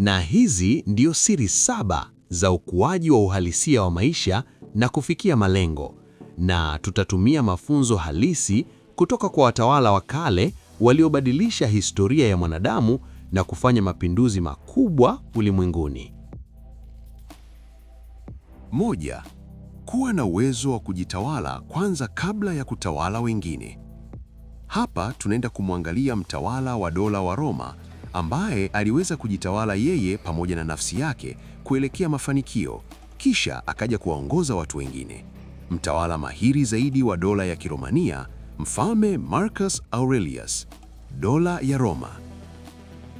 Na hizi ndio siri saba za ukuaji wa uhalisia wa maisha na kufikia malengo, na tutatumia mafunzo halisi kutoka kwa watawala wa kale waliobadilisha historia ya mwanadamu na kufanya mapinduzi makubwa ulimwenguni. Moja, kuwa na uwezo wa kujitawala kwanza kabla ya kutawala wengine. Hapa tunaenda kumwangalia mtawala wa dola wa Roma ambaye aliweza kujitawala yeye pamoja na nafsi yake kuelekea mafanikio, kisha akaja kuwaongoza watu wengine. Mtawala mahiri zaidi wa dola ya Kiromania, Mfalme Marcus Aurelius, dola ya Roma.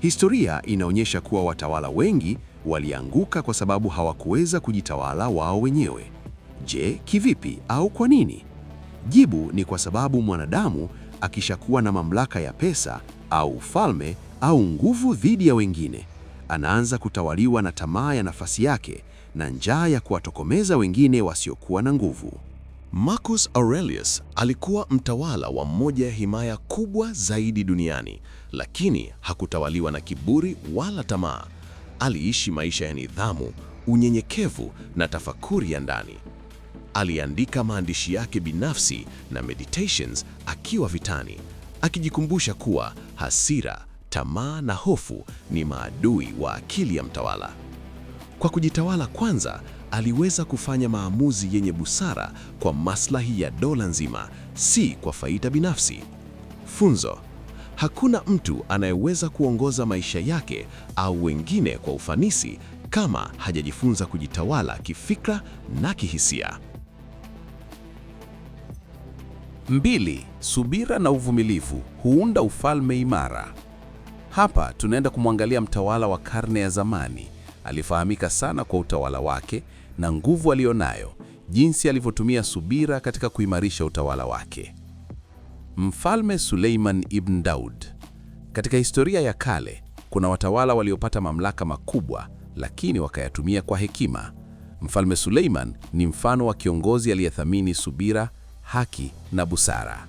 Historia inaonyesha kuwa watawala wengi walianguka kwa sababu hawakuweza kujitawala wao wenyewe. Je, kivipi au kwa nini? Jibu ni kwa sababu mwanadamu akishakuwa na mamlaka ya pesa au ufalme au nguvu dhidi ya wengine. Anaanza kutawaliwa na tamaa ya nafasi yake na njaa ya kuwatokomeza wengine wasiokuwa na nguvu. Marcus Aurelius alikuwa mtawala wa mmoja ya himaya kubwa zaidi duniani, lakini hakutawaliwa na kiburi wala tamaa. Aliishi maisha ya nidhamu, unyenyekevu na tafakuri ya ndani. Aliandika maandishi yake binafsi na meditations akiwa vitani akijikumbusha kuwa hasira, tamaa na hofu ni maadui wa akili ya mtawala. Kwa kujitawala kwanza, aliweza kufanya maamuzi yenye busara kwa maslahi ya dola nzima, si kwa faida binafsi. Funzo: hakuna mtu anayeweza kuongoza maisha yake au wengine kwa ufanisi kama hajajifunza kujitawala kifikra na kihisia. Mbili, subira na uvumilivu huunda ufalme imara. Hapa tunaenda kumwangalia mtawala wa karne ya zamani. Alifahamika sana kwa utawala wake na nguvu aliyonayo, jinsi alivyotumia subira katika kuimarisha utawala wake. Mfalme Suleiman ibn Daud. Katika historia ya kale kuna watawala waliopata mamlaka makubwa lakini wakayatumia kwa hekima. Mfalme Suleiman ni mfano wa kiongozi aliyethamini subira haki na busara.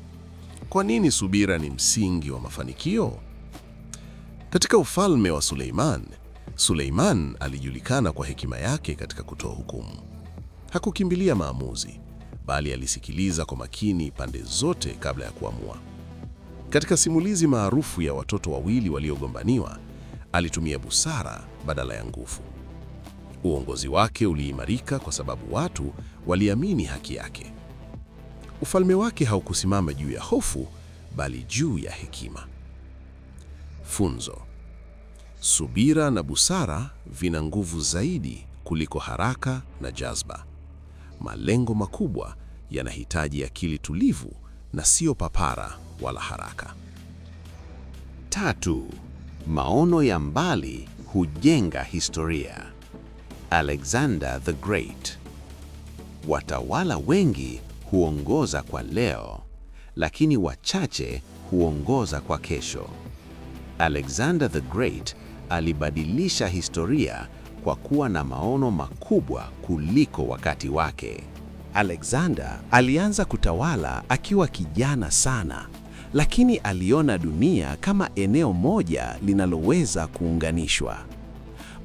Kwa nini subira ni msingi wa mafanikio? Katika ufalme wa Suleiman, Suleiman alijulikana kwa hekima yake katika kutoa hukumu. Hakukimbilia maamuzi, bali alisikiliza kwa makini pande zote kabla ya kuamua. Katika simulizi maarufu ya watoto wawili waliogombaniwa, alitumia busara badala ya nguvu. Uongozi wake uliimarika kwa sababu watu waliamini haki yake. Ufalme wake haukusimama juu ya hofu, bali juu ya hekima. Funzo: subira na busara vina nguvu zaidi kuliko haraka na jazba. Malengo makubwa yanahitaji akili tulivu na sio papara wala haraka. Tatu, maono ya mbali hujenga historia. Alexander the Great. Watawala wengi huongoza kwa leo, lakini wachache huongoza kwa kesho. Alexander the Great alibadilisha historia kwa kuwa na maono makubwa kuliko wakati wake. Alexander alianza kutawala akiwa kijana sana, lakini aliona dunia kama eneo moja linaloweza kuunganishwa.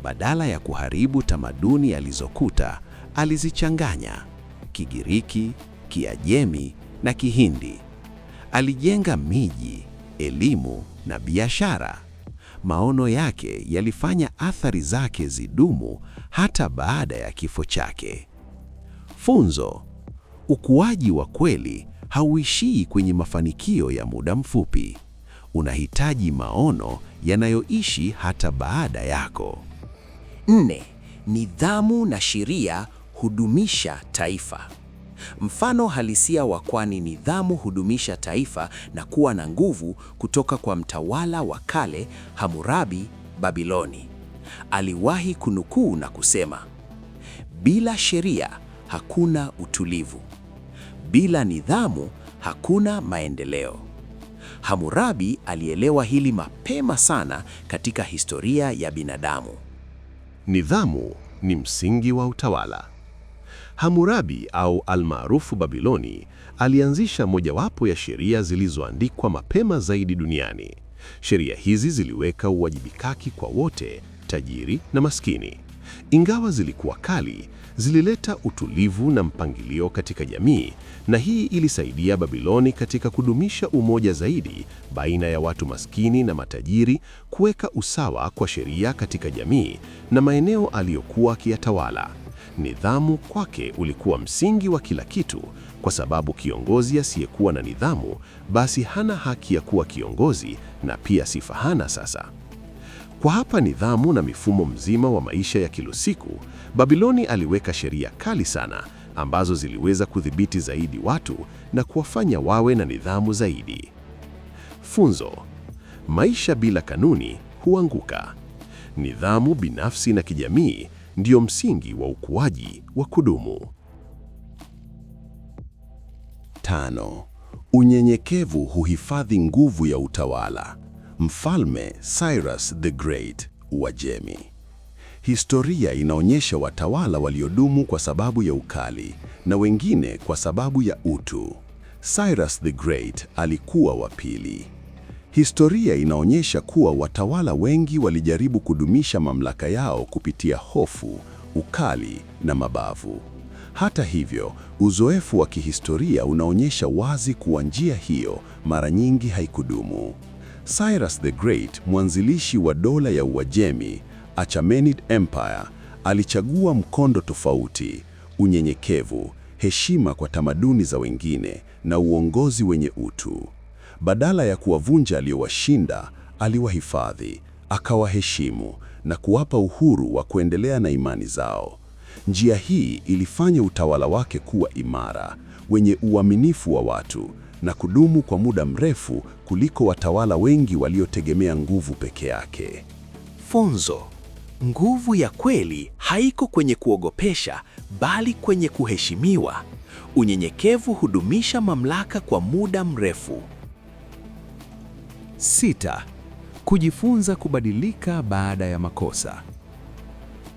Badala ya kuharibu tamaduni alizokuta, alizichanganya Kigiriki, Kiajemi na Kihindi. Alijenga miji, elimu na biashara. Maono yake yalifanya athari zake zidumu hata baada ya kifo chake. Funzo: ukuaji wa kweli hauishii kwenye mafanikio ya muda mfupi. Unahitaji maono yanayoishi hata baada yako. Nne, nidhamu na sheria hudumisha taifa. Mfano halisia wa kwani nidhamu hudumisha taifa na kuwa na nguvu kutoka kwa mtawala wa kale Hammurabi Babiloni. Aliwahi kunukuu na kusema, bila sheria hakuna utulivu. Bila nidhamu hakuna maendeleo. Hammurabi alielewa hili mapema sana katika historia ya binadamu. Nidhamu ni msingi wa utawala. Hammurabi au almaarufu Babiloni alianzisha mojawapo ya sheria zilizoandikwa mapema zaidi duniani. Sheria hizi ziliweka uwajibikaki kwa wote, tajiri na maskini. Ingawa zilikuwa kali, zilileta utulivu na mpangilio katika jamii, na hii ilisaidia Babiloni katika kudumisha umoja zaidi baina ya watu maskini na matajiri, kuweka usawa kwa sheria katika jamii na maeneo aliyokuwa akiyatawala. Nidhamu kwake ulikuwa msingi wa kila kitu, kwa sababu kiongozi asiyekuwa na nidhamu basi hana haki ya kuwa kiongozi na pia sifa hana sasa. Kwa hapa nidhamu na mifumo mzima wa maisha ya kila siku, Babiloni aliweka sheria kali sana ambazo ziliweza kudhibiti zaidi watu na kuwafanya wawe na nidhamu zaidi. Funzo: maisha bila kanuni huanguka. Nidhamu binafsi na kijamii ndio msingi wa ukuaji wa kudumu. Tano, unyenyekevu huhifadhi nguvu ya utawala. Mfalme Cyrus the Great Uajemi. Historia inaonyesha watawala waliodumu kwa sababu ya ukali na wengine kwa sababu ya utu. Cyrus the Great alikuwa wa pili. Historia inaonyesha kuwa watawala wengi walijaribu kudumisha mamlaka yao kupitia hofu, ukali na mabavu. Hata hivyo, uzoefu wa kihistoria unaonyesha wazi kuwa njia hiyo mara nyingi haikudumu. Cyrus the Great, mwanzilishi wa dola ya Uajemi, Achaemenid Empire, alichagua mkondo tofauti: unyenyekevu, heshima kwa tamaduni za wengine na uongozi wenye utu. Badala ya kuwavunja aliyowashinda, aliwahifadhi, akawaheshimu na kuwapa uhuru wa kuendelea na imani zao. Njia hii ilifanya utawala wake kuwa imara, wenye uaminifu wa watu na kudumu kwa muda mrefu kuliko watawala wengi waliotegemea nguvu peke yake. Funzo: nguvu ya kweli haiko kwenye kuogopesha, bali kwenye kuheshimiwa. Unyenyekevu hudumisha mamlaka kwa muda mrefu. Sita, kujifunza kubadilika baada ya makosa.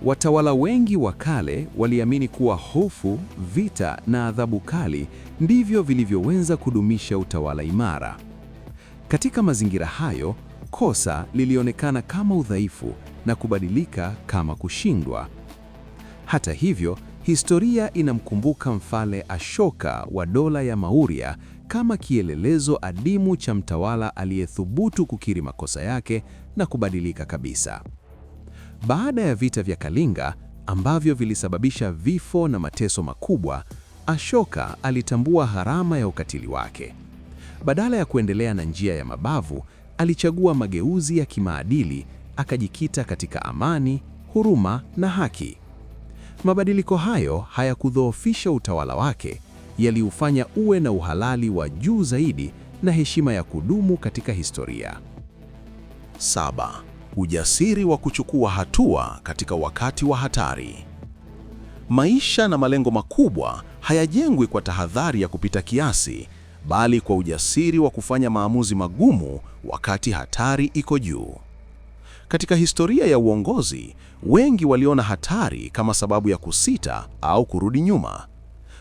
Watawala wengi wa kale waliamini kuwa hofu, vita na adhabu kali ndivyo vilivyoweza kudumisha utawala imara. Katika mazingira hayo, kosa lilionekana kama udhaifu na kubadilika kama kushindwa. Hata hivyo, historia inamkumbuka Mfalme Ashoka wa dola ya Maurya kama kielelezo adimu cha mtawala aliyethubutu kukiri makosa yake na kubadilika kabisa. Baada ya vita vya Kalinga ambavyo vilisababisha vifo na mateso makubwa, Ashoka alitambua gharama ya ukatili wake. Badala ya kuendelea na njia ya mabavu, alichagua mageuzi ya kimaadili, akajikita katika amani, huruma na haki. Mabadiliko hayo hayakudhoofisha utawala wake, yaliufanya uwe na uhalali wa juu zaidi na heshima ya kudumu katika historia. Saba, ujasiri wa kuchukua hatua katika wakati wa hatari. Maisha na malengo makubwa hayajengwi kwa tahadhari ya kupita kiasi, bali kwa ujasiri wa kufanya maamuzi magumu wakati hatari iko juu. Katika historia ya uongozi, wengi waliona hatari kama sababu ya kusita au kurudi nyuma,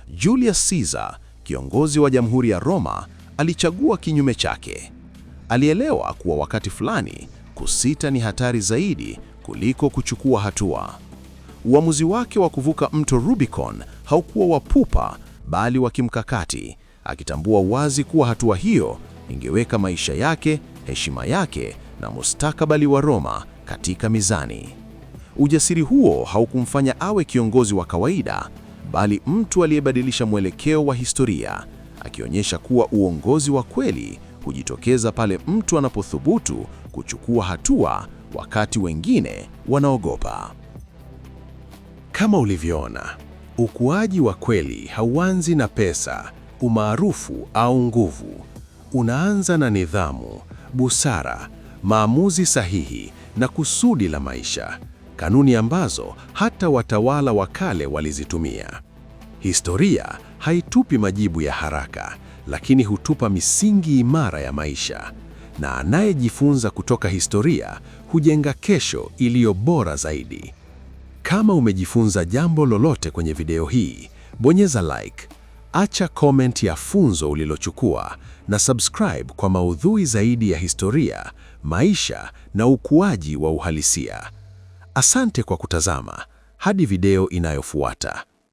Julius Caesar, kiongozi wa Jamhuri ya Roma, alichagua kinyume chake. Alielewa kuwa wakati fulani kusita ni hatari zaidi kuliko kuchukua hatua. Uamuzi wake wa kuvuka mto Rubicon haukuwa wa pupa, bali wa kimkakati, akitambua wazi kuwa hatua hiyo ingeweka maisha yake, heshima yake na mustakabali wa Roma katika mizani. Ujasiri huo haukumfanya awe kiongozi wa kawaida, bali mtu aliyebadilisha mwelekeo wa historia, akionyesha kuwa uongozi wa kweli hujitokeza pale mtu anapothubutu kuchukua hatua wakati wengine wanaogopa. Kama ulivyoona, ukuaji wa kweli hauanzi na pesa, umaarufu au nguvu. Unaanza na nidhamu, busara, maamuzi sahihi na kusudi la maisha kanuni ambazo hata watawala wa kale walizitumia. Historia haitupi majibu ya haraka, lakini hutupa misingi imara ya maisha, na anayejifunza kutoka historia hujenga kesho iliyo bora zaidi. Kama umejifunza jambo lolote kwenye video hii, bonyeza like, acha comment ya funzo ulilochukua na subscribe kwa maudhui zaidi ya historia, maisha na ukuaji wa uhalisia. Asante kwa kutazama hadi video inayofuata.